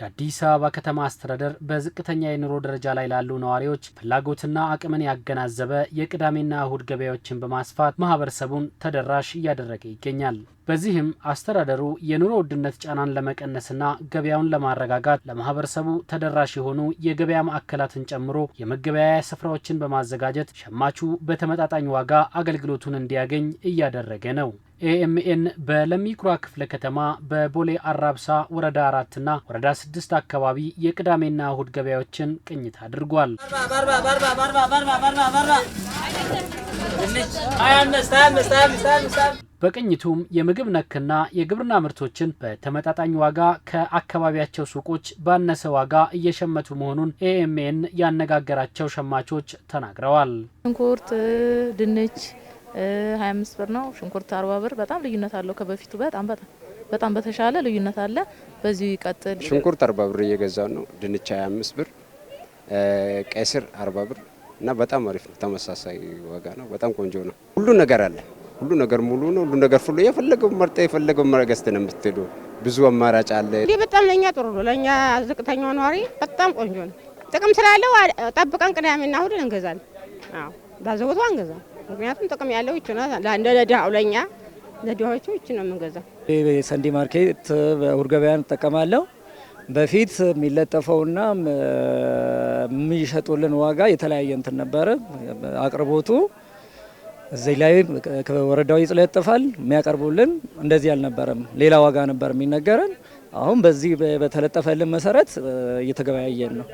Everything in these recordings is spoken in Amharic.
የአዲስ አበባ ከተማ አስተዳደር በዝቅተኛ የኑሮ ደረጃ ላይ ላሉ ነዋሪዎች ፍላጎትና አቅምን ያገናዘበ የቅዳሜና እሁድ ገበያዎችን በማስፋት ማህበረሰቡን ተደራሽ እያደረገ ይገኛል። በዚህም አስተዳደሩ የኑሮ ውድነት ጫናን ለመቀነስና ገበያውን ለማረጋጋት ለማህበረሰቡ ተደራሽ የሆኑ የገበያ ማዕከላትን ጨምሮ የመገበያያ ስፍራዎችን በማዘጋጀት ሸማቹ በተመጣጣኝ ዋጋ አገልግሎቱን እንዲያገኝ እያደረገ ነው። ኤኤምኤን በለሚኩራ ክፍለ ከተማ በቦሌ አራብሳ ወረዳ አራትና ወረዳ ስድስት አካባቢ የቅዳሜና እሁድ ገበያዎችን ቅኝት አድርጓል። በቅኝቱም የምግብ ነክና የግብርና ምርቶችን በተመጣጣኝ ዋጋ ከአካባቢያቸው ሱቆች ባነሰ ዋጋ እየሸመቱ መሆኑን ኤኤምኤን ያነጋገራቸው ሸማቾች ተናግረዋል። ሽንኩርት፣ ድንች 25 ብር ነው። ሽንኩርት 40 ብር። በጣም ልዩነት አለው ከበፊቱ በጣም በጣም በጣም በተሻለ ልዩነት አለ። በዚሁ ይቀጥል። ሽንኩርት 40 ብር እየገዛው ነው። ድንች 25 ብር፣ ቀይ ስር 40 ብር እና በጣም አሪፍ ነው። ተመሳሳይ ዋጋ ነው። በጣም ቆንጆ ነው። ሁሉ ነገር አለ። ሁሉ ነገር ሙሉ ነው። ሁሉ ነገር ፍሉ የፈለገው መርጠ የፈለገው መረገስት ነው የምትሉ ብዙ አማራጭ አለ። ይህ በጣም ለእኛ ጥሩ ነው። ለእኛ ዝቅተኛው ነዋሪ በጣም ቆንጆ ነው። ጥቅም ስላለው ጠብቀን ቅዳሜና እሑድን እንገዛል። ባዘቦቱ አንገዛ። ምክንያቱም ጥቅም ያለው ይች እንደ ለድሃው ለእኛ ለድሃዎቹ ይች ነው የምንገዛው። ሰንዲ ማርኬት እሁድ ገበያን እጠቀማለሁ። በፊት የሚለጠፈውና የሚሸጡልን ዋጋ የተለያየ እንትን ነበረ አቅርቦቱ እዚህ ላይ ከወረዳው ይለጠፋል። የሚያቀርቡልን እንደዚህ አልነበረም፣ ሌላ ዋጋ ነበር የሚነገረን። አሁን በዚህ በተለጠፈልን መሰረት እየተገበያየን ነው።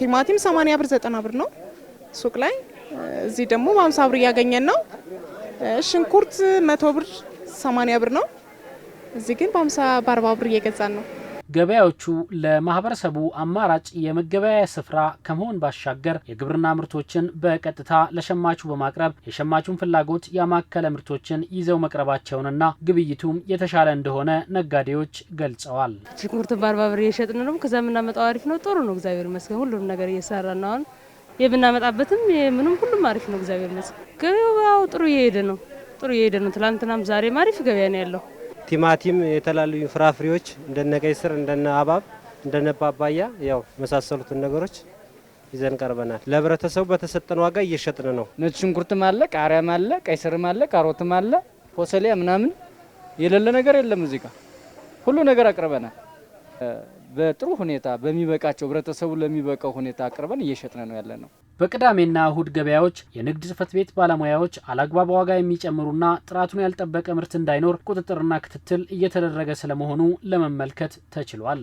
ቲማቲም 80 ብር 90 ብር ነው ሱቅ ላይ፣ እዚህ ደግሞ በ50 ብር እያገኘን ነው። ሽንኩርት 100 ብር 80 ብር ነው፣ እዚህ ግን በ50 በ40 ብር እየገዛን ነው። ገበያዎቹ ለማህበረሰቡ አማራጭ የመገበያያ ስፍራ ከመሆን ባሻገር የግብርና ምርቶችን በቀጥታ ለሸማቹ በማቅረብ የሸማቹን ፍላጎት ያማከለ ምርቶችን ይዘው መቅረባቸውንና ግብይቱም የተሻለ እንደሆነ ነጋዴዎች ገልጸዋል። ሽንኩርት በአርባ ብር እየሸጥን ነው። ከዛ የምናመጣው አሪፍ ነው፣ ጥሩ ነው። እግዚአብሔር ይመስገን ሁሉም ነገር እየሰራ ነው። አሁን የምናመጣበትም ምንም ሁሉም አሪፍ ነው። እግዚአብሔር ይመስገን ገበያው ጥሩ እየሄደ ነው። ጥሩ እየሄደ ነው። ትላንትናም ዛሬም አሪፍ ገበያ ነው ያለው። ቲማቲም፣ የተለያዩ ፍራፍሬዎች እንደነ ቀይ ስር፣ እንደነ አባብ፣ እንደነ ፓፓያ ያው መሳሰሉትን ነገሮች ይዘን ቀርበናል። ለህብረተሰቡ በተሰጠን ዋጋ እየሸጥን ነው። ነጭ ሽንኩርትም አለ፣ ቃሪያም አለ፣ ቀይ ስርም አለ፣ ካሮትም አለ፣ ፎሰሊያ ምናምን የሌለ ነገር የለም። እዚህ ጋር ሁሉ ነገር አቅርበናል። በጥሩ ሁኔታ በሚበቃቸው ህብረተሰቡ ለሚበቃው ሁኔታ አቅርበን እየሸጥን ነው ያለ ነው። በቅዳሜና እሁድ ገበያዎች የንግድ ጽፈት ቤት ባለሙያዎች አላግባብ ዋጋ የሚጨምሩና ጥራቱን ያልጠበቀ ምርት እንዳይኖር ቁጥጥርና ክትትል እየተደረገ ስለመሆኑ ለመመልከት ተችሏል።